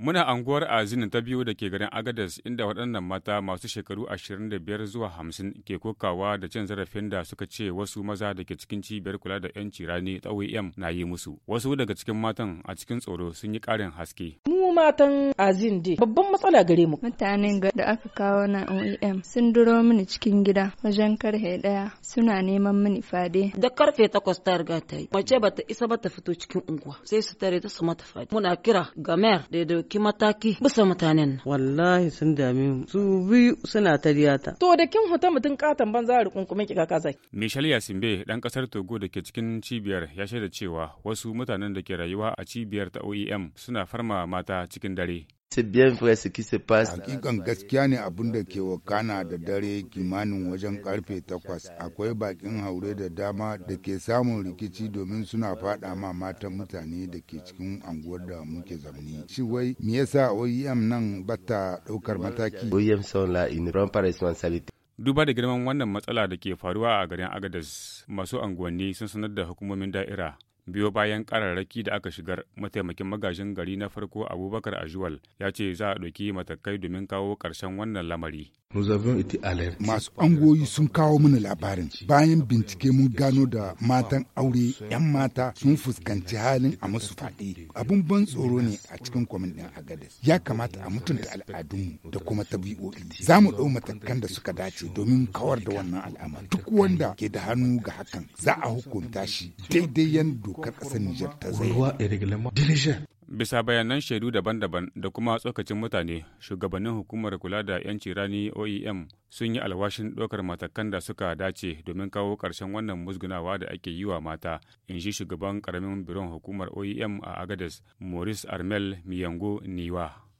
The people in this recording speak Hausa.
Muna anguwar azini ta biyu da ke garin Agadas inda waɗannan mata masu shekaru 25 zuwa 50 ke kokawa da cin zarafin da suka ce wasu maza da ke cikin cibiyar kula da 'yanci rani ta OEM na yi musu. Wasu daga cikin matan a cikin tsoro sun yi ƙarin haske. Mu matan Azin dai babban matsala gare mu. Mutanen da aka kawo na OEM sun duro mini cikin gida wajen karfe ɗaya suna neman mini fade. Da karfe takwas ta riga ta yi. Mace ta isa ba ta fito cikin unguwa sai su tare ta su mata fade. Muna kira ga mayar da ɗauki mataki bisa mutanen. Wallahi sun dami su biyu suna ta riyata. To da kin huta mutum katon banza da kunkumin ki kaka zaki. Michel Yasimbe ɗan ƙasar Togo da ke cikin cibiyar ya shaida cewa wasu mutanen da ke rayuwa a cibiyar ta OEM suna farma mata cikin dare. Hakikan gaskiya ne abin da ke wakana da dare kimanin wajen karfe takwas akwai bakin haure da dama da ke samun rikici domin suna fada ma matan mutane da ke cikin anguwar da muke zamani. Shi wai me yasa OEM nan bata daukar mataki? E duba da girman wannan matsala da ke faruwa a garin agadas masu anguwanni sun sanar da hukumomin da'ira biyo bayan kararraki da aka shigar mataimakin magajin gari na farko abubakar ajuwal ya ce za a ɗauki matakai domin kawo ƙarshen wannan lamari Masu angoyi sun kawo mana labarin. Bayan bincike mun gano da matan aure 'yan mata sun fuskanci halin a masu faɗi. Abin ban tsoro ne a cikin kwamin ɗin Ya kamata a mutunta al'adunmu da kuma tabi'o'i. Za mu ɗau matakan da suka dace domin kawar da wannan al'amari. Duk wanda ke da hannu ga hakan za a hukunta shi daidai yan dokar ƙasar Nijar ta zai. bisa bayanan shaidu daban-daban da kuma tsokacin mutane shugabannin hukumar kula da 'yanci rani oem sun yi alwashin ɗaukar matakan da suka dace domin kawo ƙarshen wannan musgunawa da ake yi wa mata in shi shugaban ƙaramin biron hukumar oem a agades maurice armel miyango niwa